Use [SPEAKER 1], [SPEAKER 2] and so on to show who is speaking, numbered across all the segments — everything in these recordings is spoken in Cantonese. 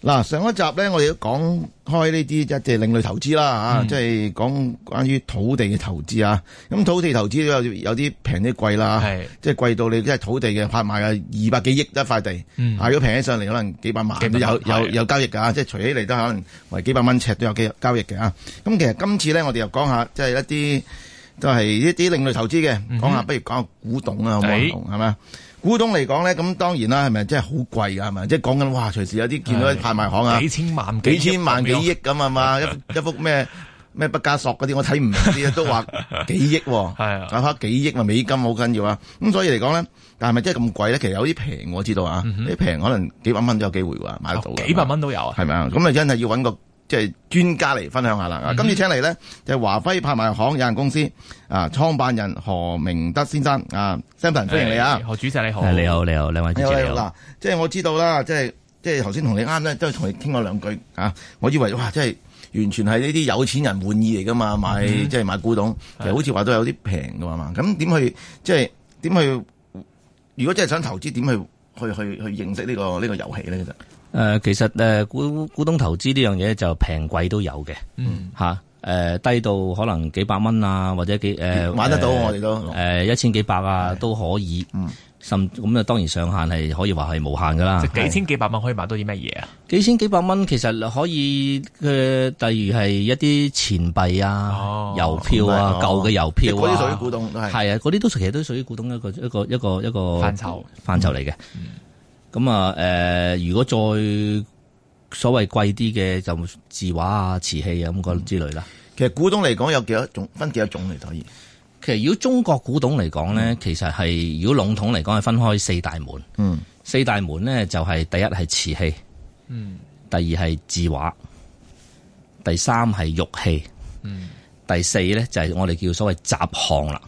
[SPEAKER 1] 嗱，上一集咧，我哋都講開呢啲一啲另類投資啦，吓、嗯，即係講關於土地嘅投資啊。咁土地投資都有有啲平啲貴啦，係是即係貴到你即係、就是、土地嘅拍賣啊，二百幾億一塊地，啊、嗯，如果平起上嚟，可能幾百萬，百萬有有有，有交易噶、啊，的即係除起嚟都可能為幾百蚊尺都有嘅交易嘅啊。咁其實今次咧，我哋又講下即係、就是、一啲都係一啲另類投資嘅，講下、嗯、哼不如講下古董啊，古董係咪？古董嚟講咧，咁當然啦，係咪？真係好貴㗎，係咪？即係講緊哇，隨時有啲見到拍賣行啊，幾千萬、幾千萬、幾億咁係嘛！一一幅咩咩畢加索嗰啲，我睇唔明啲啊都話幾億，係啊，搞翻幾億嘛美金好緊要啊！咁所以嚟講咧，但係咪真係咁貴咧？其實有啲平，我知道啊，啲平、嗯、哼可能幾百蚊都有機會㗎，買得到幾百蚊都有啊，係咪啊？咁、嗯、啊真係要揾個。即係專家嚟分享下啦。今次請嚟呢，就華輝拍賣行有限公司啊，創辦人何明德先生啊 Sam 歡迎你啊，何主席你好。你好，你好，兩位主持你好！嗱，即係我知道啦，即係即係頭先同你啱咧，即係同你傾過兩句嚇、啊。我以為哇，即係完全係呢啲有錢人玩意嚟噶嘛，買、嗯、嗎即係買古董，的其實好似話都有啲平噶嘛。咁點去即係點去？如果真、really, 係想投資，點去去去去認識呢個呢個遊戲咧？其實？
[SPEAKER 2] 誒，其實誒，古古董投資呢樣嘢就平貴都有嘅，吓誒，低到可能幾百蚊啊，或者幾誒，玩得到我哋都誒一千幾百啊都可以，甚咁啊，當然上限係可以話係無限噶啦。幾千
[SPEAKER 3] 幾百蚊可以買到啲乜嘢啊？
[SPEAKER 2] 幾千幾百蚊其實可以嘅，例如係一啲錢幣啊、郵票啊、舊嘅郵票嗰啲屬於古董係啊，嗰啲都其實都屬於古董一個一個一個一個範疇範疇嚟嘅。咁啊，誒，如果再所謂貴啲嘅就字畫啊、瓷器啊咁嗰之類啦。其實古董嚟講有幾多種，分幾多種嚟可以？其實如果中國古董嚟講咧，嗯、其實係如果籠統嚟講係分開四大門。嗯。四大門咧就係、是、第一係瓷器。嗯。第二係字畫。第三係玉器。嗯。第四咧就係我哋叫所謂雜項啦。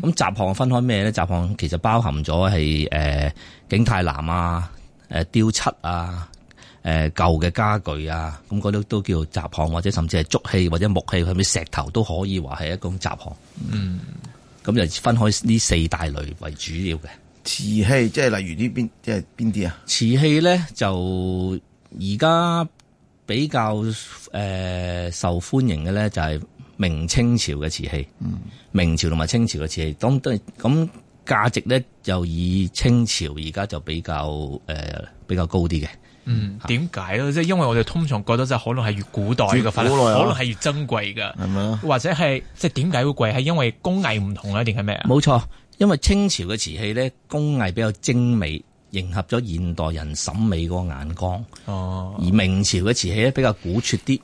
[SPEAKER 2] 咁雜項分開咩咧？雜項其實包含咗係誒景泰藍啊、誒、呃、雕漆啊、誒舊嘅家具啊，咁嗰啲都叫雜項，或者甚至係竹器或者木器，係咪石頭都可以話係一種雜項。
[SPEAKER 1] 嗯，
[SPEAKER 2] 咁就分開呢四大類為主要嘅。瓷器即係例如呢邊，即係邊啲啊？瓷器咧就而家比較誒、呃、受歡迎嘅咧就係、是。明清朝嘅瓷器，嗯、明朝同埋清朝嘅瓷器，咁咁價值呢就
[SPEAKER 3] 以清朝而家就比較誒、呃、比較高啲嘅。嗯，點解呢？即係因為我哋通常覺得就可能係越古代嘅，代啊、可能係越珍貴噶，係嘛？或者係即係點解會貴？係因為工藝唔同啊，定係咩啊？冇錯，因為清朝嘅瓷器呢，
[SPEAKER 2] 工藝比較精美，迎合咗現代人審美嗰個眼光。哦，而明朝嘅瓷器呢，比較古拙啲。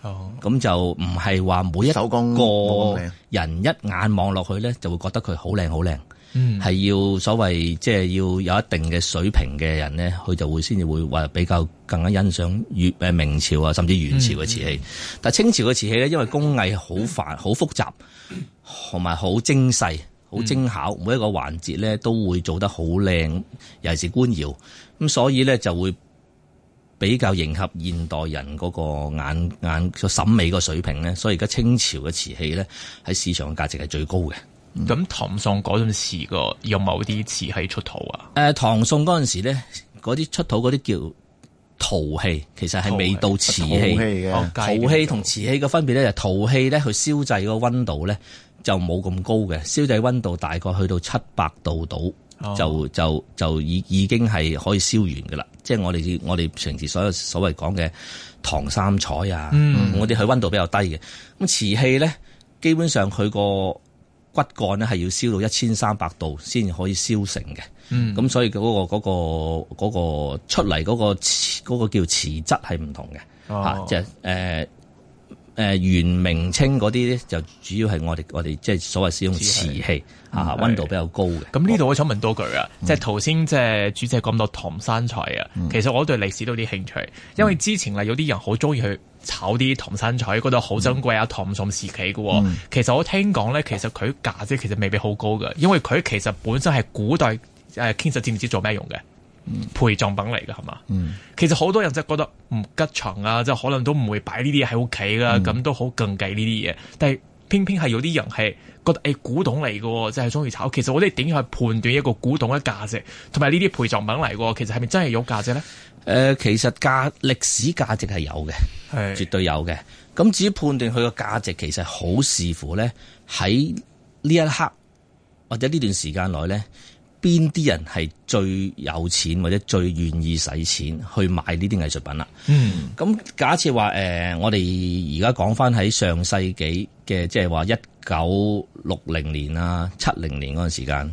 [SPEAKER 2] 哦，咁就唔係話每一個人一眼望落去咧，就會覺得佢好靚好靚。嗯，係要所謂即係要有一定嘅水平嘅人咧，佢就會先至會話比較更加欣賞越誒，明朝啊，甚至元朝嘅瓷器。嗯、但係清朝嘅瓷器咧，因為工藝好繁好複雜，同埋好精細、好精巧，嗯、每一個環節咧都會做得好靚，尤其是官窑。咁所以咧就會。比較迎合現代人嗰個眼眼個審美個水平咧，所以而家清朝嘅瓷器咧喺市場價值係最高嘅。咁、嗯、唐宋嗰陣時個有冇啲瓷器出土啊？誒，唐宋嗰陣時咧，嗰啲出土嗰啲叫陶器，其實係未到瓷器。陶器同瓷器嘅分別咧，就陶器咧去燒製個温度咧就冇咁高嘅，燒製温度大概去到七百度度。就就就已已經係可以燒完嘅啦，即係我哋我哋平時所有所謂講嘅唐三彩啊，我哋佢溫度比較低嘅，咁瓷器咧，基本上佢個骨幹咧係要燒到一千三百度先可以燒成嘅，咁、嗯、所以嗰、嗰個嗰、嗰個、嗰個出嚟嗰、嗰個、嗰個叫瓷質係唔同嘅，吓、嗯啊、即係誒。呃誒元明清嗰啲咧，就
[SPEAKER 3] 主要係我哋我哋即係所謂使用瓷器啊，溫的度比較高嘅。咁呢度我想問多句啊，即係頭先即係主席講到唐三彩啊，嗯、其實我對歷史都有啲興趣，因為之前有啲人好中意去炒啲唐三彩，嗯、覺得好珍貴啊，嗯、唐宋時期嘅。其實我聽講咧，其實佢價值其實未必好高嘅，因為佢其實本身係古代誒，其、啊、知唔知做咩用嘅？陪葬品嚟嘅係嘛？嗯、其實好多人真係覺得唔吉祥啊，即係可能都唔會擺呢啲嘢喺屋企啦，咁、嗯、都好禁忌呢啲嘢。但係偏偏係有啲人係覺得誒古董嚟嘅，即係中意炒。其實我哋點樣去判斷一個古董嘅價值，同埋呢啲陪葬品嚟嘅，其實係咪真係有價值咧？誒、呃，其實價歷史價值係有嘅，係是絕對有嘅。咁至於判斷佢嘅價值，其實好
[SPEAKER 2] 視乎咧喺呢一刻或者呢段時間內咧。邊啲人係最有錢或者最願意使錢去買呢啲藝術品啦？嗯，咁假設話誒、呃，我哋而家講返喺上世紀嘅，即係話一九六零年啊、七零年嗰陣時間，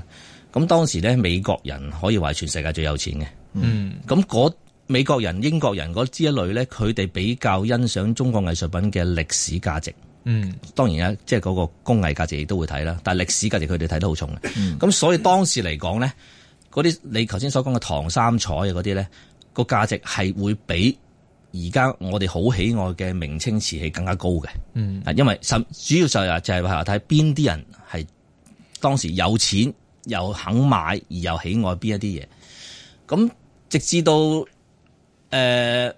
[SPEAKER 2] 咁當時咧美國人可以話全世界最有錢
[SPEAKER 4] 嘅，
[SPEAKER 2] 嗯，咁美國人、英國人嗰之一類咧，佢哋比較欣賞中國藝術品嘅歷史價值。嗯，當然啦，即係嗰個工藝價值亦都會睇啦，但係歷史價值佢哋睇得好重嘅。咁、嗯、所以當時嚟講咧，嗰啲你頭先所講嘅唐三彩啊嗰啲咧，嗰個價值係會比而家我哋好喜愛嘅明清瓷器更加高嘅。嗯，因為甚主要是就係就係話睇邊啲人係當時有錢又肯買，而又喜愛邊一啲嘢。咁直至到誒，呃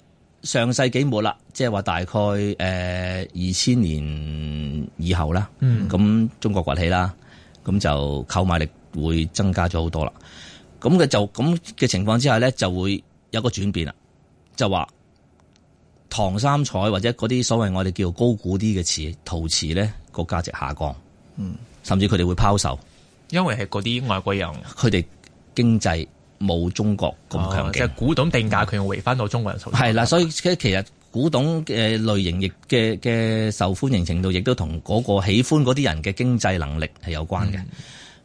[SPEAKER 2] 上世紀末啦，即係話大概誒二千年以後啦，咁、嗯、中國崛起啦，咁就購買力會增加咗好多啦。咁嘅就咁嘅情況之下咧，就會有個轉變啦，就話唐三彩或者嗰啲所謂我哋叫高古啲嘅瓷陶瓷咧，個價值下降，
[SPEAKER 3] 嗯，
[SPEAKER 2] 甚至佢哋會拋售，
[SPEAKER 3] 因為係嗰啲外國人，
[SPEAKER 2] 佢哋經濟。冇中國咁強勁，哦、即係
[SPEAKER 3] 古董定價權又回翻到中國人手上。
[SPEAKER 2] 係啦、嗯，所以其實古董嘅類型，亦嘅嘅受歡迎程度，亦都同嗰個喜歡嗰啲人嘅經濟能力係有關嘅。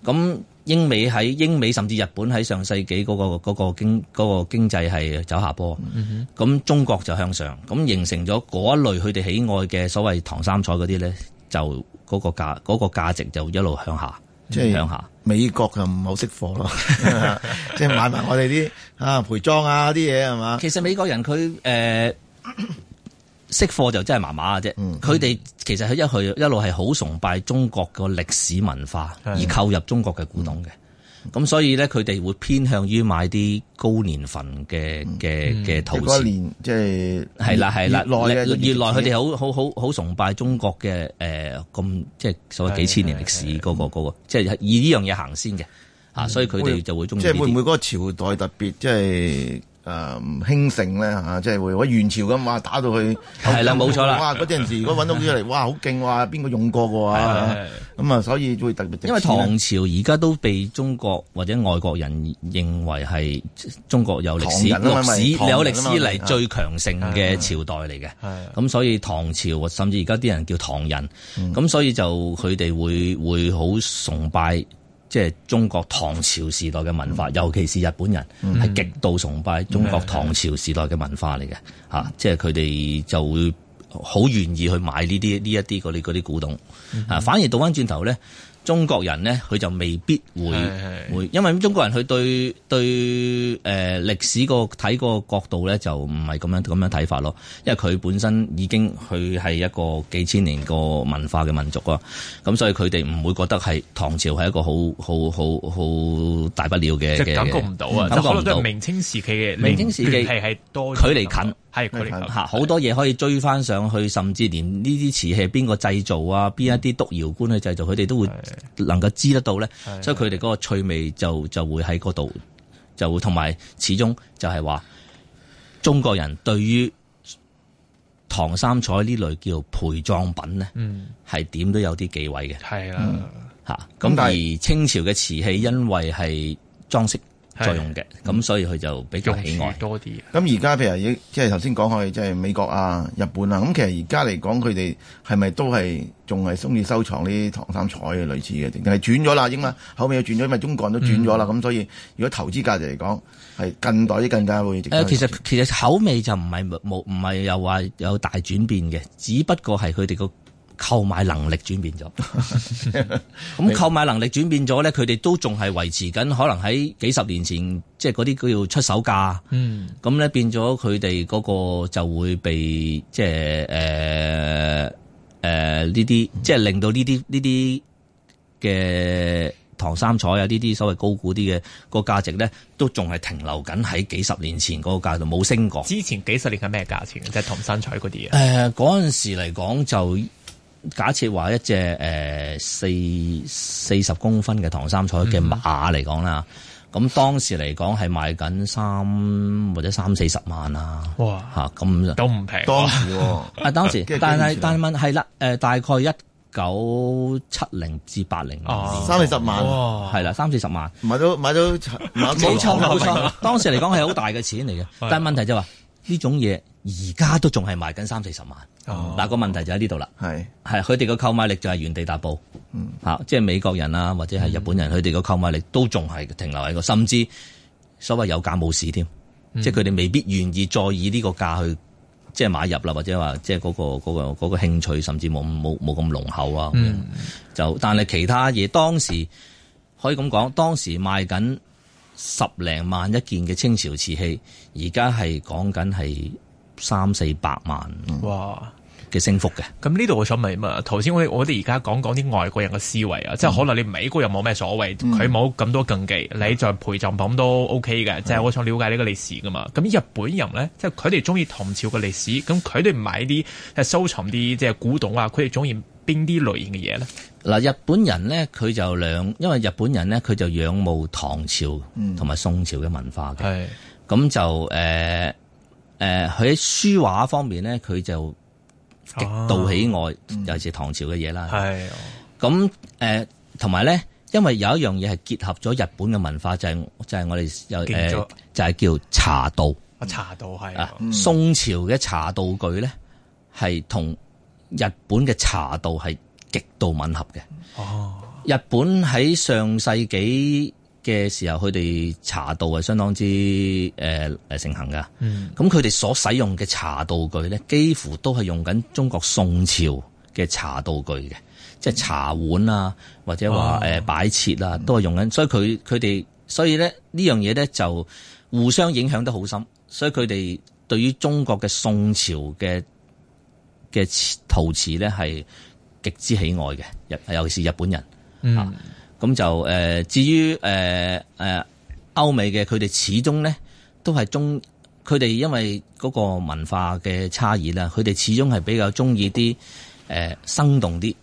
[SPEAKER 2] 咁、嗯、英美喺英美甚至日本喺上世紀嗰、嗰個嗰、嗰個經嗰、嗰個經濟係走下坡，咁、嗯、哼中國就向上，咁形成咗嗰一類佢哋喜愛嘅所謂唐三彩嗰啲咧，就
[SPEAKER 1] 嗰個價嗰、嗰個價值就一路向下。即係兩下，美國就唔好識貨咯，即係 買埋我哋啲啊陪葬啊啲嘢係
[SPEAKER 2] 嘛？其實美國人佢誒、呃、 識貨就真係麻麻嘅啫，佢哋、嗯嗯、其實佢一去一路係好崇拜中國個歷史文化的而購入中國嘅古董嘅。嗯咁所以咧，佢哋會偏向於買啲高年份嘅嘅嘅陶瓷，即係係啦係啦，啦越耐佢哋好好好好崇拜中國嘅，誒，咁
[SPEAKER 1] 即係所謂幾千年歷史嗰、嗰個、嗰個、即係以呢樣嘢行先嘅啊，嗯、所以佢哋就會鍾意。即係會唔會嗰個朝代特別即係？誒，興、嗯、盛咧吓、啊，即係會好似元朝咁哇，打到去係啦，冇錯啦。哇，嗰陣時如果揾到出嚟，哇，好勁哇，邊個用過嘅咁啊，所以會特別，因為唐
[SPEAKER 2] 朝而家都被中國或者外國人認為係中國有歷史、史有歷史嚟最強盛嘅朝代嚟嘅。咁、就是、所以唐朝甚至而家啲人叫唐人，咁、嗯、所以就佢哋會會好崇拜。即係中國唐朝時代嘅文化，嗯、尤其是日本人係、嗯、極度崇拜中國唐朝時代嘅文化嚟嘅嚇，嗯、即係佢哋就會好願意去買呢啲呢一啲嗰啲嗰啲古董啊，嗯、反而倒翻轉頭咧。中國人咧，佢就未必會會，的因為中國人佢對對誒歷史個睇個角度咧，就唔係咁樣咁樣睇法咯。因為佢本身已經佢係一個幾千年個文化嘅民族啊，咁所以佢哋唔會覺得係唐朝係一個好好好好大不了嘅，就感覺唔到啊，感覺唔到。咁可能都係明
[SPEAKER 3] 清時期嘅明清時期係係多，距離近。係佢嚇，
[SPEAKER 2] 好多嘢可以追翻上去，甚至連呢啲瓷器邊個製造啊，邊一啲督窯官去製造，佢哋都會能夠知得到咧。的所以佢哋嗰個趣味就就會喺嗰度，就同埋始終就係話，中國人對於唐三彩呢類叫陪葬品咧，係點、嗯、都有啲忌諱嘅。係啊的，嚇、嗯！咁而清朝嘅瓷器因為係裝飾。作用嘅，咁、嗯、所以佢就比較喜愛多
[SPEAKER 3] 啲。
[SPEAKER 1] 咁而家譬如，即係頭先講開，即係美國啊、日本啊。咁其實而家嚟講，佢哋係咪都係仲係中意收藏呢啲唐三彩嘅類似嘅？定係轉咗啦？應該口味又轉咗，因為中國人都轉咗啦。咁、嗯、所以，如果投資價值嚟講，係近代啲更加會誒。其實其實口味就唔係冇唔
[SPEAKER 2] 係又話有大轉變嘅，只不過係佢哋個。購買能力轉變咗，咁 購買能力轉變咗咧，佢哋都仲係維持緊，可能喺幾十年前，即係嗰啲叫出手價。
[SPEAKER 4] 嗯，
[SPEAKER 2] 咁咧變咗佢哋嗰個就會被即係誒誒呢啲，即係、呃呃、令到呢啲呢啲嘅唐三彩啊，呢啲所謂高估啲嘅個價值咧，都仲係停留緊喺幾十年前嗰個價度，冇升過。之前幾十年係咩價
[SPEAKER 3] 錢？即係唐三彩嗰啲啊？誒、
[SPEAKER 2] 呃，嗰陣時嚟講就。假設話一隻誒四四十公分嘅唐三彩嘅馬嚟講啦，咁當時嚟講係賣緊三或者三四十萬啦，嚇咁都唔平。當時啊當時，但係但係問題係啦，誒大概一九七零至八零，三四十萬，係啦，三四十萬
[SPEAKER 1] 買到買到冇錯冇錯。
[SPEAKER 2] 當時嚟講係好大嘅錢嚟嘅，但係問題就話呢種嘢。而家都仲係賣緊三四十萬，但個、哦、問題就喺呢度啦。係係是，佢哋個購買力就係原地踏步，嚇、嗯，即係美國人啊，或者係日本人，佢哋個購買力都仲係停留喺個，甚至所謂有價冇市添，嗯、即係佢哋未必願意再以呢個價去即係買入啦，或者話即係嗰、個嗰、個嗰個興趣，甚至冇冇冇咁濃厚啊。嗯、就但係其他嘢，當時可以咁講，當時賣緊十零萬一件嘅清朝瓷器，而家係講緊係，三
[SPEAKER 3] 四百萬哇嘅升幅嘅，咁呢度我想問啊，頭先我哋而家講講啲外國人嘅思維啊，嗯、即係可能你美國又冇咩所謂，佢冇咁多禁忌，你再陪葬品都 O K 嘅，即係、嗯、我想了解呢個歷史㗎嘛。咁日本人咧，即係佢哋中意唐朝嘅歷史，咁佢哋買啲收藏啲即係古董啊，佢哋中意邊啲類型嘅嘢咧？
[SPEAKER 2] 嗱、嗯，嗯、日本人咧佢就兩，因為日本人咧佢就仰慕唐朝同埋宋朝嘅文化嘅，咁就誒。誒，佢喺、呃、書畫方面咧，佢就極度喜愛、哦、尤其是唐朝嘅嘢啦。係咁。誒，同埋咧，因為有一樣嘢係結合咗日本嘅文化，就係就係我哋有，誒，就係、是呃、就是、叫茶道。啊、嗯，茶
[SPEAKER 3] 道係。嗯、
[SPEAKER 2] 宋朝嘅茶道具咧，係同日本嘅茶道係極度吻合嘅。哦，日本喺上世紀嘅時候，佢哋茶道係相當之誒誒盛行噶。咁佢哋所使用嘅茶道具咧，幾乎都係用緊中國宋朝嘅茶道具嘅，嗯、即係茶碗啊，或者話誒擺設啊，啊都係用緊。所以佢佢哋，所以咧呢樣嘢咧就互相影響得好深。所以佢哋對於中國嘅宋朝嘅嘅陶瓷咧係極之喜愛嘅，尤尤其是日本人。嗯。咁就誒、呃，至於誒誒歐美嘅，佢哋始終咧都係中，佢哋因為嗰個文化嘅差異啦，佢哋始終係比較中意啲誒生動啲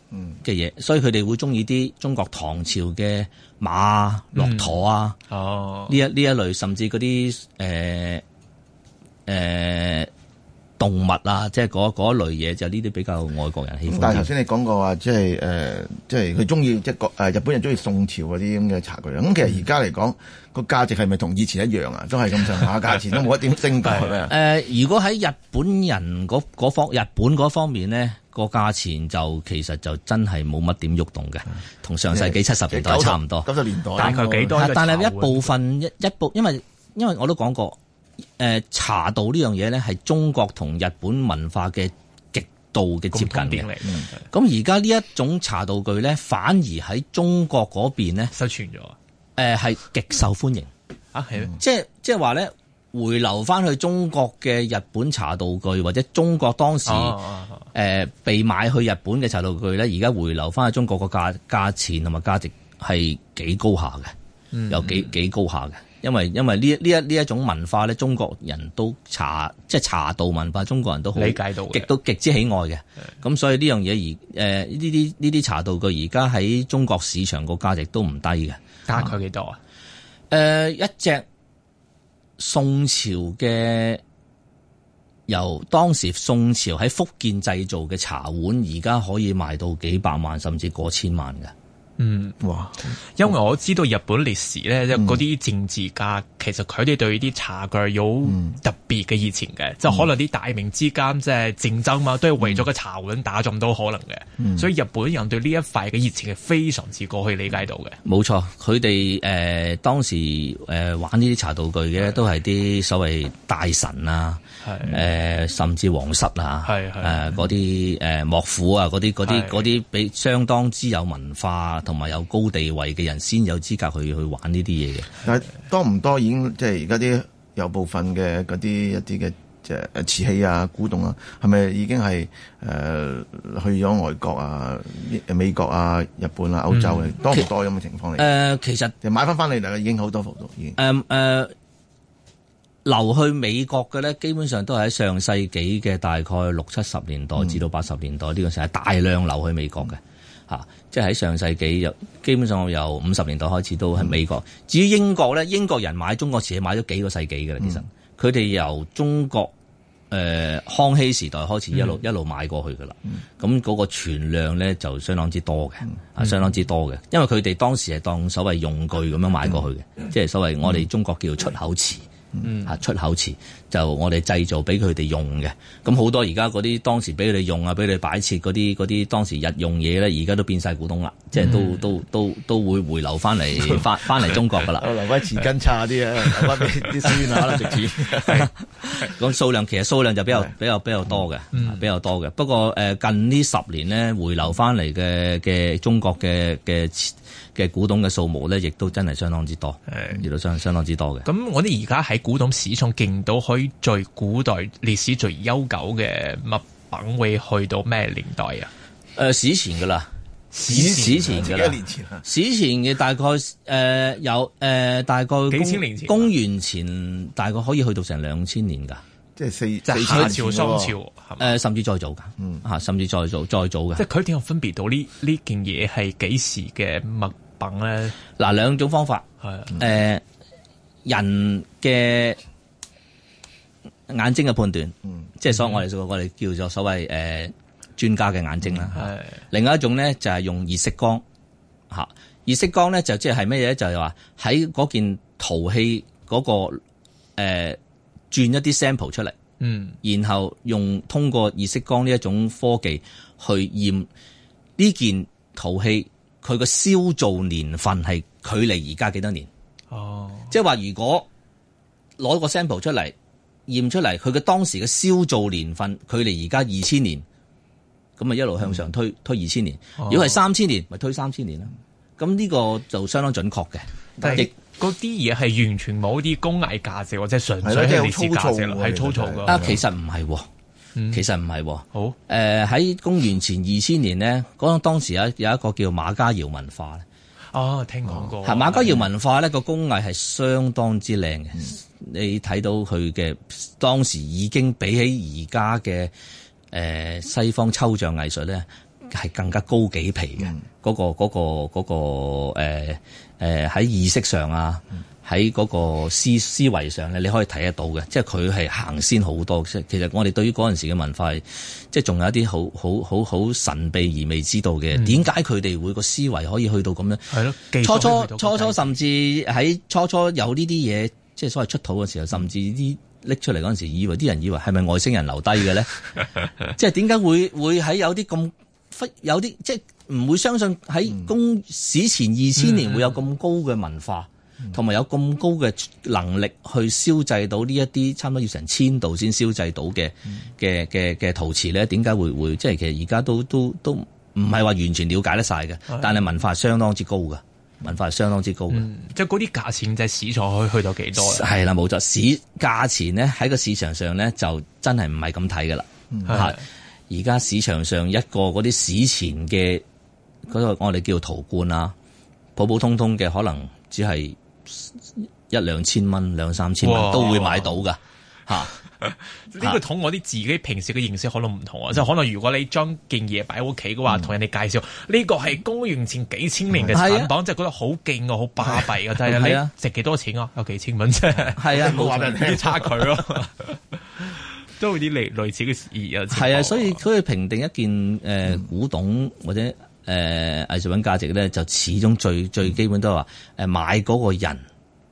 [SPEAKER 2] 嘅嘢，所以佢哋會中意啲中國唐朝嘅馬、駱駝啊，呢一呢一類，甚至嗰啲誒誒。呃呃動物啊，即係嗰一類嘢，就呢啲比較外國人,、嗯呃、喜人喜歡。但係頭先你
[SPEAKER 1] 講過話，即係誒，即係佢中意即係國日本人中意宋朝嗰啲咁嘅茶具。咁、嗯、其實而家嚟講個價值係咪同以前一樣,樣 啊？都係咁上下價錢都冇一點升價係、 呃、如果喺日本
[SPEAKER 2] 人嗰方日本嗰方面呢，個價錢就其實就真係冇乜點喐動嘅，同、嗯、上世紀七十年代差唔多。九十年代大概幾多？但係一部分一一,一部，因為因為,因為我都講過。誒，茶道呢樣嘢咧，係中國同日本文化嘅極度嘅接近嘅。咁而家呢一種茶道具咧，反而喺中國嗰邊咧失傳咗。誒，係極、呃、受歡迎啊，係，即係即係話咧，回流翻去中國嘅日本茶道具，或者中國當時誒、啊啊啊啊呃、被買去日本嘅茶道具咧，而家回流翻去中國個價價錢同埋價值係、嗯、幾，幾高下嘅，有幾幾高下嘅。因為因為呢呢一呢一,一種文化咧，中國人都茶即係茶道文化，中國人都好理解到，極都極之喜愛嘅。咁的所以呢樣嘢而誒呢啲呢啲茶道具而家喺中國市場個價值都唔低嘅。大概幾多啊？誒、啊，一隻宋朝嘅由當時宋朝喺福建製造嘅茶碗，而家可以賣到幾百萬甚至過
[SPEAKER 3] 千萬嘅。嗯，哇！因為我知道日本歷史咧，即啲、嗯、政治家其實佢哋對啲茶具有特別嘅熱情嘅、嗯，就可能啲大名之間即係戰爭嘛、啊，都係為咗個茶碗打仗都可能嘅，嗯、所以日本人對呢一塊嘅熱情係非常之過去理解到嘅。
[SPEAKER 2] 冇錯、嗯，佢哋
[SPEAKER 3] 誒當時誒、
[SPEAKER 2] 呃、玩呢啲茶道具嘅都係啲所謂大神啊。誒是、呃，甚至皇室啊，誒，嗰啲誒，幕府啊，嗰啲，啲，啲是，比相當之
[SPEAKER 1] 有文化同埋有高地位嘅人，先有資格去去玩呢啲嘢嘅。但多唔多已經即係而家啲有部分嘅嗰啲一啲嘅即係誒瓷器啊古董啊，係咪已經係誒、呃、去咗外國啊美國啊日本啊歐洲啊、嗯、多唔多咁嘅情況嚟？誒、嗯呃，其實買翻翻嚟嚟已經好多幅都已經
[SPEAKER 2] 誒誒。流去美國嘅呢，基本上都係喺上世紀嘅大概六七十年代至到八十年代呢、嗯、個時候大量流去美國嘅，嚇、嗯啊！即係喺上世紀又基本上我由五十年代開始都喺美國。嗯、至於英國呢，英國人買中國瓷器買咗幾個世紀噶啦，嗯、其實佢哋由中國誒、呃、康熙時代開始一路一路買過去噶啦，咁嗰、嗯嗯、個存量呢，就相當之多嘅，啊，相當之多嘅，因為佢哋當時係當所謂用具咁樣買過去嘅，即係所謂我哋中國叫出口瓷。嗯，啊，出口瓷就我哋製造俾佢哋用嘅，咁好多而家嗰啲當時俾佢哋用啊，俾佢哋擺設嗰啲嗰啲當時日用嘢咧，而家都變晒古董啦，嗯、即係都都都都會回流翻嚟翻翻嚟中國噶啦， 留翻紙巾
[SPEAKER 1] 差啲啊， 留翻啲啲手絹啊，值錢。
[SPEAKER 2] 咁數量其實數量就比較 比較比較多嘅，比較多嘅。多嗯、不過誒，近呢十年咧回流翻嚟嘅嘅中國嘅嘅。嘅古董嘅數目咧，亦都真係相當之多，誒是，亦都相相當
[SPEAKER 3] 之多嘅。咁我哋而家喺古董市場勁到可以，最古代歷史最悠久嘅物品，會去到咩年代啊？誒、呃，史前噶啦，史史前幾多年前啊？史前嘅大概誒、呃、有誒、呃，大概幾千
[SPEAKER 2] 年前，公元前大概可以去到成兩千年噶，
[SPEAKER 1] 即係夏朝、商朝，誒、
[SPEAKER 3] 呃、甚至再早噶，嗯甚至再早再早嘅，嗯、即係佢點樣分別到呢呢件嘢係幾時嘅物，咧，嗱兩種方法，誒的、呃，
[SPEAKER 2] 人嘅眼睛嘅判斷，嗯、即係所以我哋我哋叫做所謂誒專家嘅眼睛啦。係、嗯，另外一種咧就係、是、用熱釋光，吓、啊，熱釋光咧就即係咩嘢咧？就係話喺嗰件陶器嗰、那個誒轉、呃、一啲 sample 出嚟，嗯，然後用通過熱釋光呢一種科技去驗呢件陶器。佢個燒造年份係距離而家幾多年？哦，即係話如果攞個 sample 出嚟驗出嚟，佢嘅當時嘅燒造年份距離而家二千年，咁啊一路向上推，嗯、推二千年。哦、如果係三千年，
[SPEAKER 3] 咪推三千年啦。咁呢個就相當準確嘅。但係嗰啲嘢係完全冇啲工藝價值，或者純粹係歷史價值咯，係粗糙。但其實唔係。
[SPEAKER 2] 其實唔係，好誒喺、呃、公元前二千年呢，嗰個當時有有一個叫馬家窯文化咧。
[SPEAKER 3] 哦，聽講過。嗯、馬家窯文
[SPEAKER 2] 化呢個工藝係相當之靚嘅，嗯、你睇到佢嘅當時已經比起而家嘅誒西方抽象藝術咧。係更加高幾皮嘅，嗰、嗯嗰個嗰、嗰個嗰喺、呃呃、意識上啊，喺嗰個思思維上咧，你可以睇得到嘅，即係佢係行先好多。即係其實我哋對於嗰陣時嘅文化，即係仲有一啲好好好好神秘而未知道嘅。點解佢哋會、嗰個思維可以去到咁咧？
[SPEAKER 4] 係咯、嗯，初初
[SPEAKER 2] 初初甚至喺初初有呢啲嘢，即係所謂出土嘅時候，甚至啲拎出嚟嗰陣時，以為啲人以為係咪外星人留低嘅咧？ 即係點解會會喺有啲咁？有啲即係唔會相信喺公、嗯、史前二千年會有咁高嘅文化，同埋、嗯、有咁高嘅能力去燒製到呢一啲差唔多要成千度先燒製到嘅嘅嘅嘅陶瓷咧？點解會會，即係其實而家都都都唔係話完全了解得晒嘅，但係文化係相當之高嘅，文化係相當之高嘅、
[SPEAKER 3] 嗯。即係嗰啲價錢就係市場去去到幾多咧？係
[SPEAKER 2] 啦，冇錯，市價錢咧喺個市場上咧就真係唔係咁睇噶啦，吓的。而家市場上一個嗰啲史前嘅嗰、嗰個我哋叫陶罐啊，普普通通嘅可能只係一兩千蚊、兩三千蚊都會買到噶
[SPEAKER 3] 嚇。呢個同我啲自己平時嘅認識可能唔同啊，即係可能如果你將件嘢擺喺屋企嘅話，同、嗯、人哋介紹呢、這個係公元前幾千年嘅產品，即係、嗯啊、覺得好勁是啊，好巴閉嘅，就係你值幾多錢啊？有幾千蚊啫，係 啊， 冇話俾人哋差佢咯。 都有啲類類似嘅事有。係啊，
[SPEAKER 2] 所以佢哋評定一件誒、呃、古董或者誒藝術品價值咧，就始終最最基本都係話誒買嗰個人。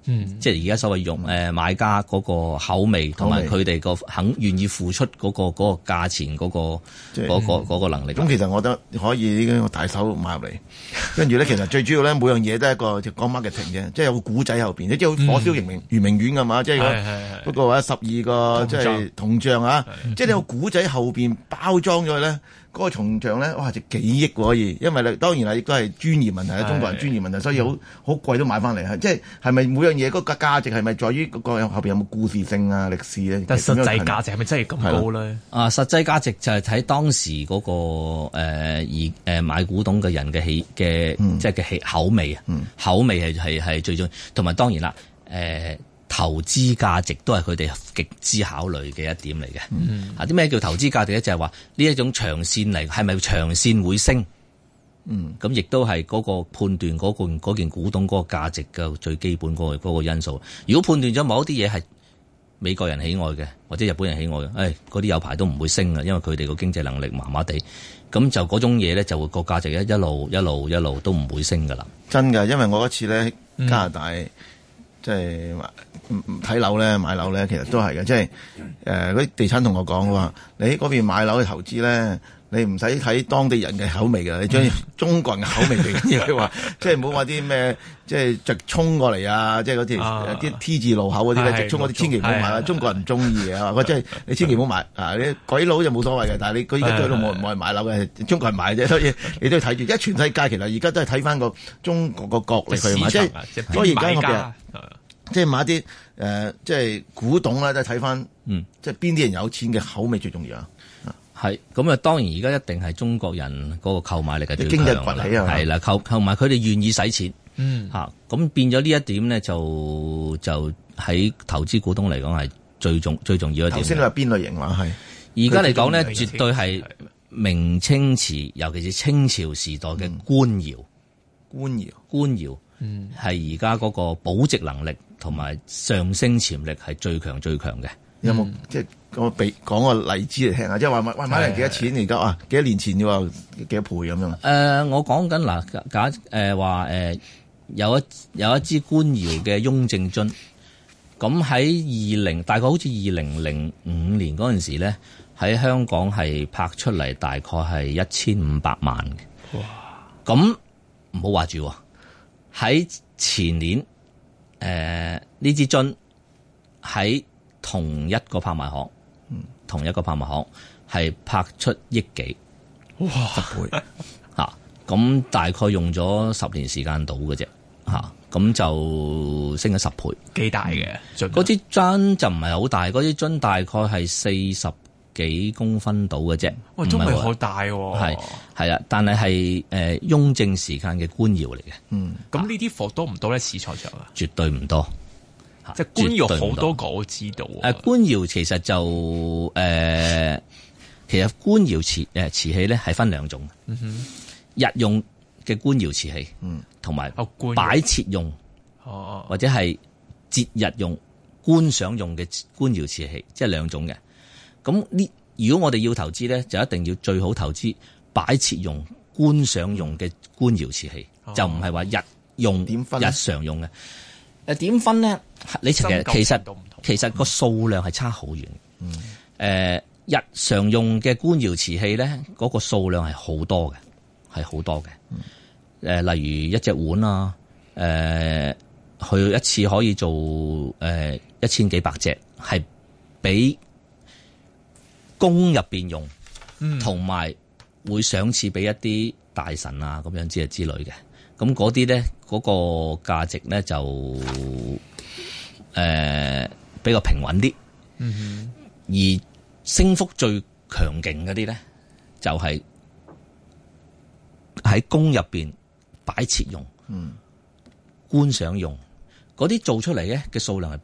[SPEAKER 2] 嗯、即係而家所謂用誒買家嗰個口味，同埋佢哋個肯願意付出嗰個嗰
[SPEAKER 1] 個價錢嗰個嗰能力。咁、嗯、其實我覺得可以呢個大手買入嚟，跟住咧其實最主要咧每樣嘢都係一個講 marketing 啫，即係 有個古仔後邊，即係好火燒圓明圓、嗯、明園㗎嘛，即係不過話十二個即係銅像啊，即係呢個古仔後邊包裝咗咧。嗰個銅像咧，哇！值幾億喎可以，因為咧當然啦，亦都係專業問題，中國人專業問題，所以好好貴都買翻嚟，係即係係咪每樣嘢嗰個價值係咪在於嗰個後邊有冇故事性啊、歷史咧？但實際價
[SPEAKER 3] 值係咪真係咁高咧？啊，
[SPEAKER 2] 實際價值就係睇當時嗰個誒而誒、呃、買古董嘅人嘅氣嘅、嗯、即係嘅氣口味啊，口味係係係最重要，同埋當然啦誒。呃投資價值都係佢哋極之考慮嘅一點嚟嘅。啊、嗯，啲咩叫投資價值咧？就係話呢一種長線嚟，係咪長線會升？嗯，咁亦都係嗰個判斷嗰、那個、件古董嗰個價值嘅最基本嗰個因素。如果判斷咗某一啲嘢係美國人喜愛嘅，或者日本人喜愛嘅，誒嗰啲有排都唔會升嘅，因為佢哋個經濟能力麻麻地。咁就嗰種嘢咧，就會、那個價值一路一路一路一路都唔會升嘅
[SPEAKER 1] 啦。真㗎，因為我嗰次咧加拿大即係。嗯就是睇樓咧，買樓咧，其實都係嘅，即係誒嗰啲地產同我講話，你喺嗰邊買樓去投資咧，你唔使睇當地人嘅口味嘅，你中中國人口味嚟嘅，即係唔好話啲咩，即係直衝過嚟啊！即係嗰啲 T 字路口嗰啲直衝嗰啲，千祈唔好買啦！中國人唔中意嘅，我真係你千祈唔好買啊！啲鬼佬就冇所謂嘅，但係你佢而家都冇人買樓嘅，中國人買啫，所以你都要睇住一全世界其實而家都係睇翻個中國個角力去買，即係所以而家我即係買啲誒、呃，即係古董啦，都係睇翻，嗯，即係邊啲人有錢嘅口味最重要啊。係咁啊，當然而家一定係中國人嗰個購買力係最強啦。係
[SPEAKER 2] 啦，購、購買，同埋佢哋願意使錢。嗯，吓咁、啊、變咗呢一點咧，就就喺投資股東嚟講係最重最重要嘅。頭先你話邊類型話係，而家嚟講咧，呢絕對係明清瓷，尤其是清朝時代嘅官窯、嗯。官窯，官窯。嗯，係而家嗰個保值能力同埋
[SPEAKER 1] 上升潛力係最強最強嘅。有冇、嗯嗯、即係我俾講，個比講個例子嚟聽下，即係話買買嚟幾多錢而家啊？幾多年前又話幾多倍咁樣？誒、呃，我講緊嗱
[SPEAKER 2] 假誒話誒，有一有一支官窯嘅雍正樽，咁喺二零大概好似二零零五年嗰陣時咧，喺香港係拍出嚟大概係一千五百萬嘅。哇！咁唔好話住。喺前年，誒、呃、呢支樽喺同一個拍賣行，嗯，同一個拍賣行係拍出億幾，哇，十倍嚇！咁、 啊、大概用咗十年時間到嘅啫吓，咁、啊、就升咗十倍，幾大嘅？嗰支樽就唔係好大，嗰支樽大概係四十。幾公分到嘅啫，喂，都未好大，哦，係係啦，但係係誒雍正時間嘅官窯嚟嘅，嗯，咁、啊、呢啲貨多唔多咧？市場上啊，絕對唔多，即係官窯好多個，
[SPEAKER 3] 我知道。誒，
[SPEAKER 2] 官窯其實就誒，呃、 其實官窯瓷誒瓷器咧係分兩種，嗯、哼，日用嘅官窯瓷器，嗯，同埋擺設用，哦，或者係節日用觀賞用嘅官窯瓷器，即係兩種嘅。咁呢？如果我哋要投資咧，就一定要最好投資擺設用、觀賞用嘅官窯瓷器，哦、就唔係話日用、點分日常用嘅。誒、啊、點分咧？你其實其實其實、嗯個數量係差好遠。嗯。日常用嘅官窯瓷器咧，嗰個數量係好多嘅，係好多嘅。誒，例如一隻碗啊，誒、呃，佢一次可以做誒、呃、一千幾百隻，係比。宮入邊用，同埋會賞賜俾一啲大臣啊，咁樣之嘅之類嘅，咁嗰啲咧，嗰、嗰個價值咧就誒、呃、比較平穩啲。
[SPEAKER 4] 嗯
[SPEAKER 2] 哼，而升幅最強勁嗰啲咧，就係喺宮入邊擺設用，嗯，觀賞用嗰啲做出嚟咧嘅數量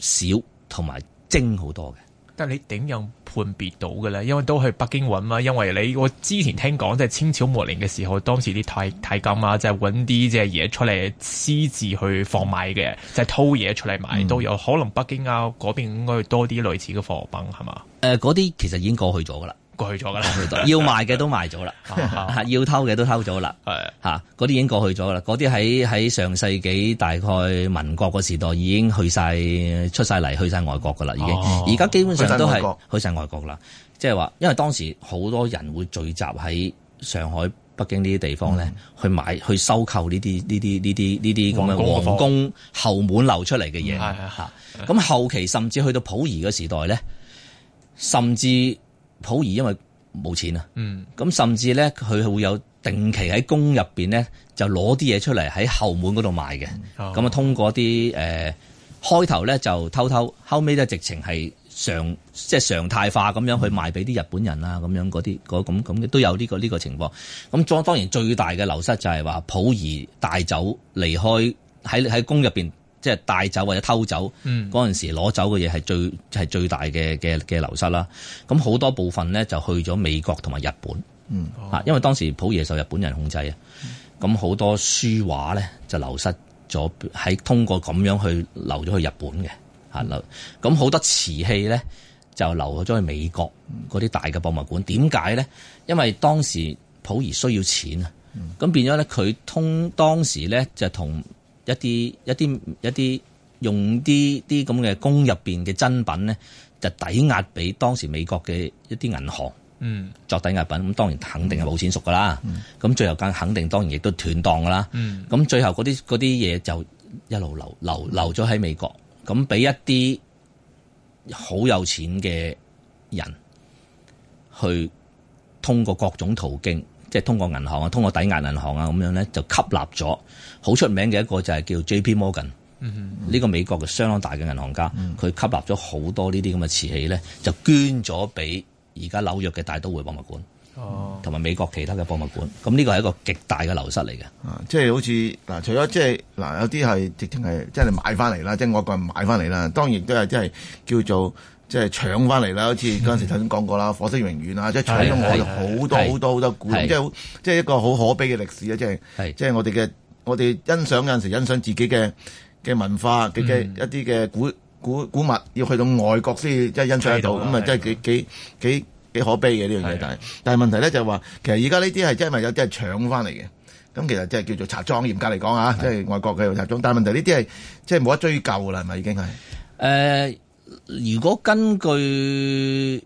[SPEAKER 3] 係少，同埋精好多嘅。但係你點樣判別到嘅咧？因為都去北京揾嘛，因為你我之前聽講，即係清朝末年嘅時候，當時啲太太監啊，即係揾啲即係嘢出嚟，私自去放買嘅，即係偷嘢出嚟買，嗯、都有可能北京啊嗰邊應該多啲類似嘅貨品係嘛？誒，嗰啲，呃、其實已經過去咗噶啦。過去咗噶啦，要賣嘅都賣咗啦， 要偷嘅都偷咗啦，係吓
[SPEAKER 2] 嗰啲已經過去咗啦，嗰啲喺喺上世紀大概民國個時代已經去晒出晒嚟，去晒外國噶啦，已經而家、啊、基本上都係去晒外國啦。即係話，因為當時好多人會聚集喺上海、北京呢啲地方咧、嗯，去買去收購呢啲呢啲呢啲呢啲咁嘅皇宮後門流出嚟嘅嘢，吓咁後期甚至去到溥儀嘅時代咧，甚至。溥儀因為冇錢啊，咁、嗯、甚至咧佢係會有定期喺宮入邊咧就攞啲嘢出嚟，喺後門嗰度賣嘅，咁啊、哦、通過啲誒、呃、開頭咧就偷偷，後尾咧直情係常即係常態化咁樣去賣俾啲日本人啊，咁樣嗰啲嗰咁咁都有呢個呢個情況。咁再當然最大嘅流失就係話溥儀帶走離開喺喺宮入邊。即係帶走或者偷走嗰陣、嗯、時攞走嘅嘢係最係最大嘅嘅嘅流失啦。咁好多部分咧就去咗美國同埋日本。嗯，啊、哦，因為當時溥儀受日本人控制啊，咁好、嗯、多書畫咧就流失咗喺通過咁樣去流咗去日本嘅嚇、嗯、流。咁好多瓷器咧就流咗去美國嗰啲大嘅博物館。點解咧？因為當時溥儀需要錢啊，咁、嗯、變咗咧佢通當時咧就同。一啲一啲一啲用啲啲咁嘅工入邊嘅真品咧，就抵押俾當時美國嘅一啲銀行，嗯，作抵押品。咁當然肯定係冇錢贖噶啦，咁、嗯、最後間肯定當然亦都斷檔噶啦，咁、嗯、最後嗰啲啲嘢，就一路留留留咗喺美國，咁俾一啲好有錢嘅人去通過各種途徑。即係通過銀行啊，通過抵押銀行啊咁樣咧，就吸納咗好出名嘅一個就係叫 J.P. Morgan，呢、mm
[SPEAKER 4] hmm.
[SPEAKER 2] 個美國嘅相當大嘅銀行家，佢、mm hmm. 吸納咗好多呢啲咁嘅瓷器咧，就捐咗俾而家紐約嘅大都會博物館，同埋、mm hmm. 美國其他嘅博物館。咁、這、呢個係一個極大嘅流失嚟
[SPEAKER 1] 嘅。即係、啊就是、好似嗱，除咗即係嗱，有啲係直情係真係買翻嚟啦，即、就、係、是、我個人買翻嚟啦，當然都係即係叫做。即係搶翻嚟啦，好似嗰陣時頭先講過啦，《火燒圓明園》啊，即係搶咗我哋好多好多好多古物，即係即係一個好可悲嘅歷史啊！即係即係我哋嘅我哋欣賞有陣時欣賞自己嘅嘅文化嘅嘅一啲嘅古古古物，要去到外國先至即係欣賞得到，咁啊即係幾幾幾幾可悲嘅呢樣嘢，但係但係問題咧就係話，其實而家呢啲係真係有啲係搶翻嚟嘅？咁其實即係叫做拆裝，嚴格嚟講啊，即係外國嘅拆裝。但係問題呢啲係即係冇得追究噶啦，係咪已經係？誒。如果根據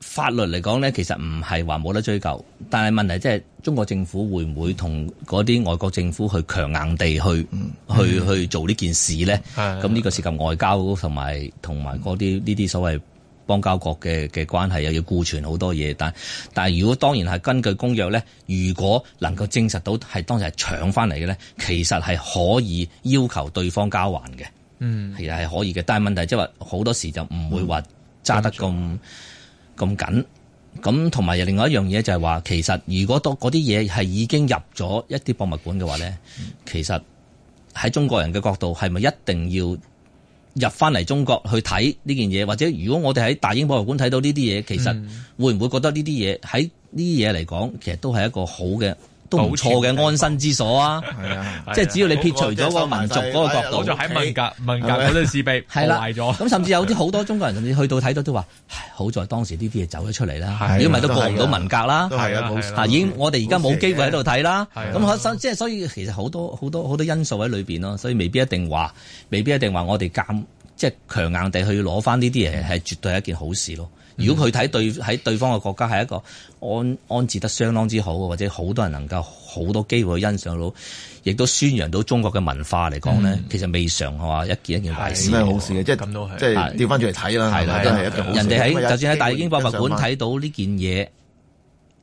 [SPEAKER 1] 法律
[SPEAKER 2] 嚟講咧，其實唔係話冇得追究，但係問題即係中國政府會唔會同嗰啲外國政府去強硬地去、嗯、去去做呢件事咧？咁呢個涉及外交同埋同埋嗰啲呢啲所謂邦交國嘅嘅關係又要顧存好多嘢。但但係如果當然係根據公約咧，如果能夠證實到係當時係搶翻嚟嘅咧，其實係可以要求對方交還嘅。嗯，其實係可以嘅，但係問題即係話好多時就唔會話揸得咁咁緊，咁同埋另外一樣嘢就係話其實如果多嗰啲嘢係已經入咗一啲博物館嘅話咧，嗯、其實，喺中國人嘅角度係咪一定要入翻嚟中國去睇呢件嘢？或者如果我哋喺大英博物館睇到呢啲嘢，其實會唔會覺得呢啲嘢喺呢啲嘢嚟講其實都係一個好嘅？都冇錯嘅安身之所啊！
[SPEAKER 4] 啊即係只要你撇除咗個民族嗰個角度，就喺是文革、是文革嗰度係必壞
[SPEAKER 2] 咗。咁甚至有啲好多中國人甚至去到睇到都話： 唉，好在當時呢啲嘢走咗出嚟啦，如果唔係都過唔到文革啦。係啊，已經我哋而家冇機會喺度睇啦。咁即係所以其實好多好多好多因素喺裏邊咯，所以未必一定話，未必一定話我哋監。即係強硬地去攞翻呢啲嘢，係絕對係一件好事咯。如果佢睇對喺對方嘅國家係一個安安置得相當之好，或者好多人能夠好多機會去欣賞到，亦都宣揚到中國嘅文化嚟講咧，其實未嘗係話一件一件壞事嚟。好事嘅，即係咁都係。即係調翻轉嚟睇啦，係啦係一件好事。人哋喺就算喺大英博物館睇到呢件嘢，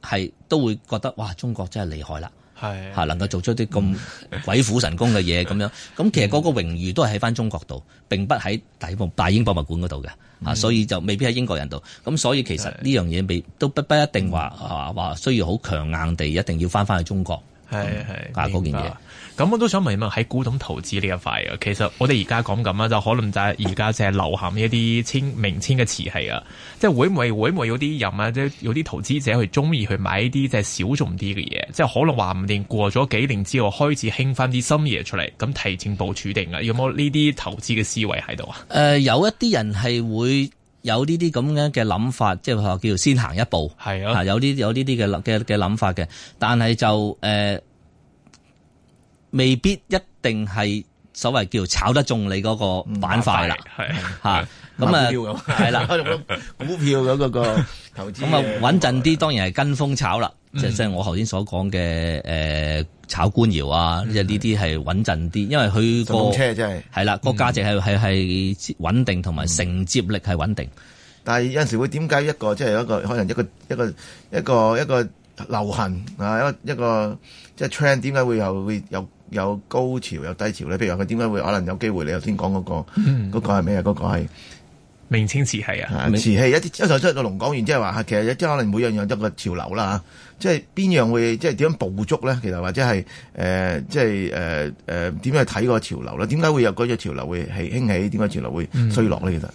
[SPEAKER 2] 係都會覺得哇！中國真係厲害啦～
[SPEAKER 4] 係吓能
[SPEAKER 2] 夠做出啲咁鬼斧神工嘅嘢咁樣，咁其實嗰個榮譽都係喺翻中國度，並不喺大英大英博物館嗰度嘅。啊、嗯，所以就未必喺英國人度，咁所以其實呢樣嘢未
[SPEAKER 3] 都不不一定話的啊話需要好強硬地一定要翻翻去中國，係係啊件嘢。咁我都想問問喺古董投資呢一塊啊，其實我哋而家講緊啊，就可能就係而家淨係流行呢一啲明清嘅瓷器啊，即係會唔會，會唔會有啲人啊，即有啲投資者去鍾意去買一啲，即係小眾啲嘅嘢，即係可能話唔定過咗幾年之後開始興返啲新嘢出嚟，咁提前部署定啊？有冇呢啲投資嘅思維喺度啊？呃，有一啲人係會有呢啲咁樣嘅諗法，即係叫做先行一
[SPEAKER 2] 步。係啊。呃，有啲，有呢啲嘅、嘅、嘅諗法嘅，但係就，呃，未必一定係所謂叫炒得中你嗰個板塊啦，係啊，吓咁啊，係
[SPEAKER 1] 啦，股
[SPEAKER 2] 票咁嗰個
[SPEAKER 1] 投資咁啊
[SPEAKER 2] 穩陣啲，當然係跟風炒啦，嗯、即係即係我頭先所講嘅誒炒官窯啊，即係呢啲係穩陣啲，嗯、因為佢、嗰個係啦、呢個價值係係係
[SPEAKER 1] 穩定同埋承接力係穩定，嗯嗯、但係有陣時會點解一個即係、即係、一個可能一個一個一個一個流行啊一個一個。即係 trend，點解會有會有有高潮有低潮咧？譬如佢點解會可能有機會？你頭先講嗰個，嗰、嗯、個係咩啊？嗰個係
[SPEAKER 3] 明清瓷器啊！瓷
[SPEAKER 1] 器一啲，一就出到龍講完，即係話嚇，其實即係可能每樣嘢得、啊呃呃呃、個潮流啦嚇。即係邊樣會即係點樣捕捉咧？其實或者係誒，即係誒誒，點樣去睇個潮流咧？點解會有嗰隻潮流會係興起？點解潮流會衰落咧？其實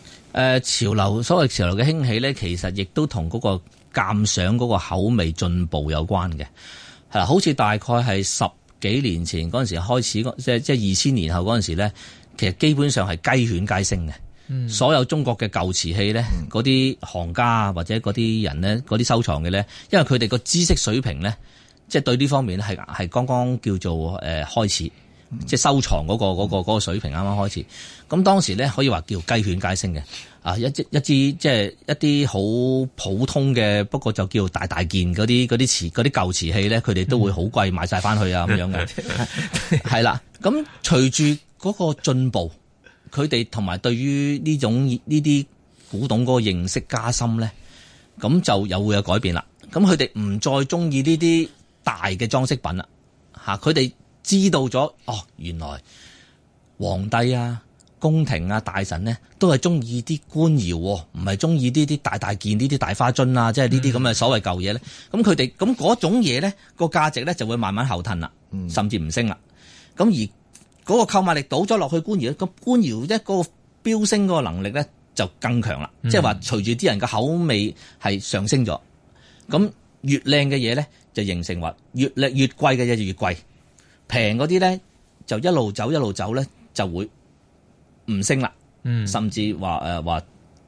[SPEAKER 1] 誒潮流所謂潮流嘅興起咧，其實亦都同嗰個
[SPEAKER 2] 鑑賞嗰個口味進步有關嘅。係，好似大概係十幾年前嗰陣時開始，即係即係二千年後嗰陣時咧，其實基本上係雞犬皆升嘅。嗯，所有中國嘅舊瓷器咧，嗰啲行家或者嗰啲人咧，嗰啲收藏嘅咧，因為佢哋個知識水平咧，即係對呢方面係係剛剛叫做誒開始。即係收藏嗰個嗰個嗰個水平啱啱開始，咁當時咧可以話叫雞犬皆升嘅。啊一支一支即係一啲好普通嘅，不過就叫大大件嗰啲啲瓷啲舊瓷器咧，佢哋都會好貴買晒翻去啊咁樣嘅，係啦。 咁隨住嗰個進步，佢哋同埋對於呢種呢啲古董嗰個認識加深咧，咁就又會有改變啦。咁佢哋唔再中意呢啲大嘅裝飾品啦，嚇佢哋。知道咗哦，原來皇帝啊、宮廷啊、大臣咧，都係中意啲官窯啊，唔係中意呢啲大大件呢啲大花樽啊，即係呢啲咁嘅所謂舊嘢咧。咁佢哋咁嗰種嘢咧，個價值咧就會慢慢後褪啦，甚至唔升啦。咁而嗰個購買力倒咗落去官窯，個官窯一個飆升嗰個能力咧就更強啦。嗯、即係話隨住啲人嘅口味係上升咗，咁、嗯、越靚嘅嘢咧就形成話越靚越貴嘅嘢就越貴。平嗰啲咧就一路走一路走咧，就會唔升啦，嗯、甚至話誒話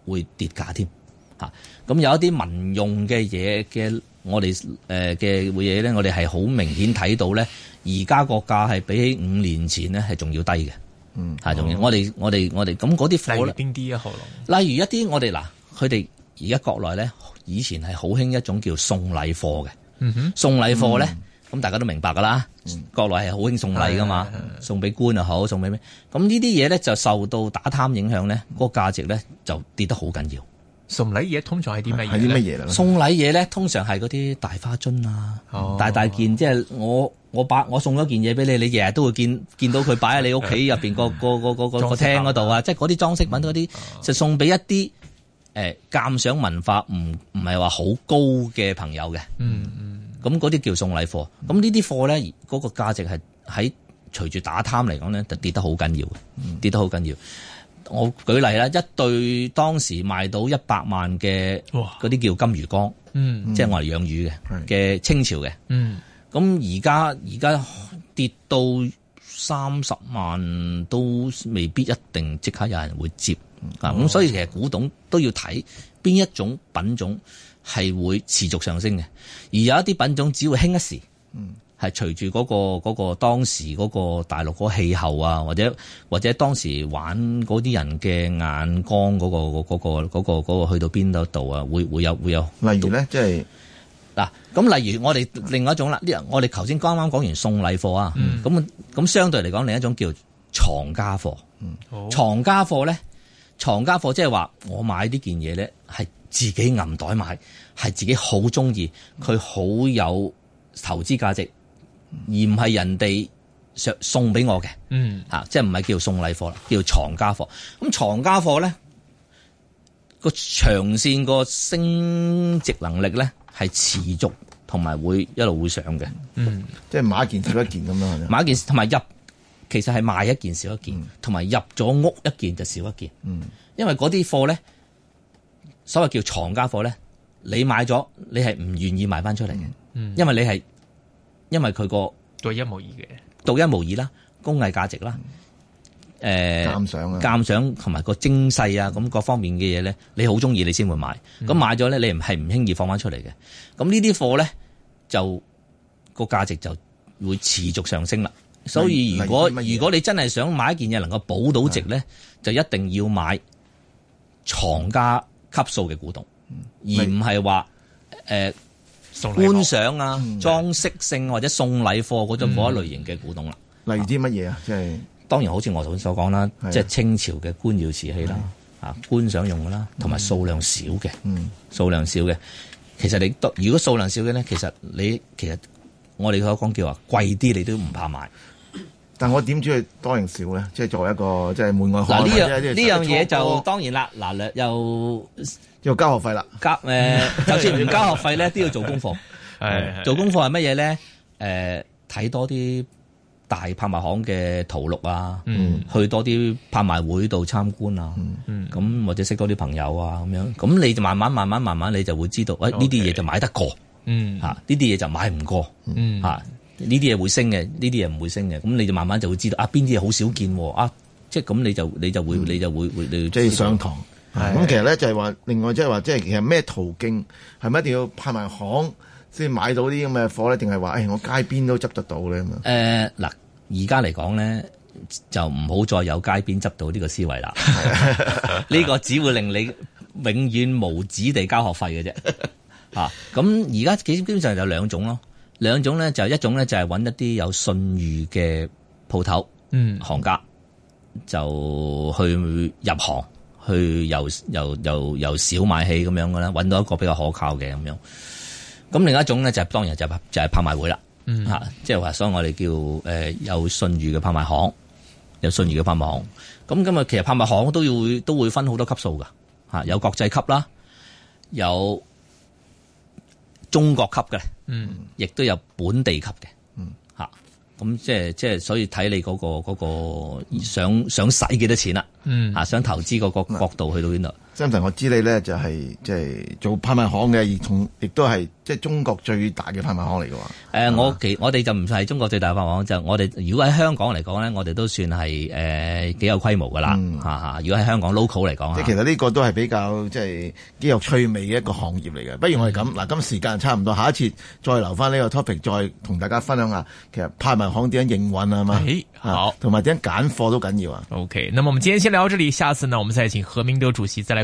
[SPEAKER 2] 會跌價添嚇。咁、啊、有一啲民用嘅嘢嘅，我哋誒嘅嘢咧，我哋係好明顯睇到咧，而家個價係比起五年前咧係仲要低嘅，係仲、嗯、要。我哋我哋我哋咁嗰啲貨例如邊啲啊？好咯，例如一啲我哋嗱，佢哋而家國內咧，以前係好興一種叫送禮貨嘅，
[SPEAKER 3] 哼、嗯，送禮貨咧。
[SPEAKER 2] 咁大家都明白噶啦，國內係好興送禮噶嘛，送俾官又好，送俾咩？咁呢啲嘢咧就受到打貪影響咧，嗰個價值咧就跌得好緊要。送
[SPEAKER 3] 禮嘢通常
[SPEAKER 2] 係啲咩嘢咧？送禮嘢咧通常係嗰啲大花樽啊，大大件，即係我我把我送咗件嘢俾你，你日日都會見見到佢擺喺你屋企入邊個個個個廳嗰度啊，即係嗰啲裝飾品嗰啲，就送俾一啲誒鑑賞文化唔唔係話好高嘅朋友嘅。嗯嗯。咁嗰啲叫送禮貨，咁呢啲貨咧，嗰、嗰個價值係喺隨住打貪嚟講咧，就跌得好緊要，嗯、跌得好緊要。我舉例啦，一對當時賣到一百萬嘅嗰啲叫金魚缸，嗯嗯、即係我嚟養魚嘅嘅、嗯、清朝嘅。咁而家而家跌到三十萬都未必一定即刻有人會接啊！咁、嗯哦、所以其實古董都要睇邊一種品種。係會持續上升嘅，而有一啲品種只會興一時，
[SPEAKER 4] 嗯，
[SPEAKER 2] 係隨住嗰個嗰、嗰個當時嗰個大陸嗰氣候啊，或者或者當時玩嗰啲人嘅眼光嗰、嗰個、嗰個、嗰個、嗰個、嗰個、去到邊度度啊，會會有會有。會有例如咧，即係嗱，咁例如我哋另外一種啦，呢，我哋頭先剛啱講完送禮貨啊，咁咁、嗯、相對嚟講，另一種叫藏家貨，
[SPEAKER 4] 藏、
[SPEAKER 2] 嗯、好家貨咧，藏家貨即係話我買呢件嘢咧係。自己銀袋買，係自己好中意，佢好有投資價值，而唔係人哋送送俾我嘅，嗯，吓、啊、即係唔係叫送禮貨啦，叫藏家貨。咁、啊、藏家貨咧，個長線個升值能力咧係持續同埋會一路會上嘅，嗯，即係買一件少一件咁啦，係買一件同埋、嗯、入，其實係賣一件少一件，同埋入咗屋一件就少一件，嗯，因為嗰啲貨咧。所謂叫藏家貨咧，你買咗你係唔願意賣翻出嚟嘅、嗯，因為你係因為佢個
[SPEAKER 3] 獨一無二嘅，
[SPEAKER 2] 獨一無二啦，工藝價值啦，誒、嗯，鑑賞鑑賞同埋個精細啊，咁各方面嘅嘢咧，你好中意你先會買，咁、嗯、買咗咧，你唔係唔輕易放翻出嚟嘅，咁呢啲貨咧就個價值就會持續上升啦。所以如果如果你真係想買一件嘢能夠保到值咧，就一定要買藏家。的是級數嘅古董，而唔係話誒觀賞啊、裝飾、嗯、性或者送禮貨嗰種某一類型嘅古董啦。例如啲乜嘢啊？即係、就是、當然好，好似我頭先所講啦，即係清朝嘅官窯瓷器啦，的啊觀賞用嘅啦，同埋數量少嘅，數、嗯、量少嘅。其實你如果數量少嘅咧，其實你其實我哋可以講叫話貴啲，貴你都唔怕買。
[SPEAKER 1] 但我點知佢多定少咧？即係做一個即係門外漢。嗱呢樣呢樣嘢就
[SPEAKER 2] 當然啦。嗱，又又交學費啦。交誒、呃，就算唔交學費咧，都 要做功課。係 是、嗯、做功課係乜嘢咧？誒、呃，睇多啲大拍賣行嘅圖錄啊，嗯、去多啲拍賣會度參觀啊。咁、嗯、或者識多啲朋友啊，咁樣咁、嗯嗯、你就慢慢慢慢慢慢你就會知道，誒呢啲嘢就買得過，嗯啊呢啲嘢就買唔過，嗯啊。嗯呢啲嘢會升嘅，呢啲嘢唔會升嘅，咁你就慢慢就會知道啊，邊啲嘢好少見喎啊！即係咁你就你就會你就會你就會你即係、嗯
[SPEAKER 1] 就是、上堂。咁是、嗯、其實咧就係話另外即係話即係其實咩途徑係咪一定要拍賣行先買到啲咁嘅貨咧？定係話誒我街邊都執得到咧咁啊？誒嗱、呃，而家嚟講咧就唔好再有街邊執到呢個思維啦。
[SPEAKER 2] 呢 個只會令你永遠無止地交學費嘅啫。啊，咁而家基本上就兩種咯。兩種咧，就係、一種咧，就係揾一啲有信譽嘅鋪頭、嗯行家，就去入行，去由由由由少買起咁樣嘅啦，揾到一個比較可靠嘅咁樣。咁另一種咧，就係、係、當然就係、就係、係、拍賣會啦，吓、嗯，即係話所以我哋叫誒、呃、有信譽嘅拍賣行，有信譽嘅拍賣行。咁今日其實拍賣行都要都會分好多級數噶，吓，有國際級啦，有中國級嘅。嗯，亦都有本地級嘅，嗯吓，咁、啊、即係即係，所以睇你、嗰個、嗰個想想使幾多錢啦，
[SPEAKER 4] 嗯啊，
[SPEAKER 2] 想投資個
[SPEAKER 1] 角度去到邊度。s a 我知你呢，就係即係做批文行嘅，亦同亦都係即係中國最大嘅批文行嚟嘅
[SPEAKER 2] 喎。我其我哋就唔係中國最大嘅批文行，就是、我哋如果喺香港嚟講呢，我哋都算係誒、呃、幾有規模嘅啦。嚇、嗯、如果喺香港
[SPEAKER 1] local 嚟講即係、嗯、其實呢個都係比較即係、就是、幾有趣味嘅一個行業嚟嘅。不如我哋咁嗱，嗯、今時間差唔多，下一次再留翻呢個 topic，再同大家分享下其實批文行點樣應運啊嘛。同埋點樣揀貨都緊要啊。OK，
[SPEAKER 3] 那麼我們今天先聊到這裡，下次呢，我們再請何明德主席再來。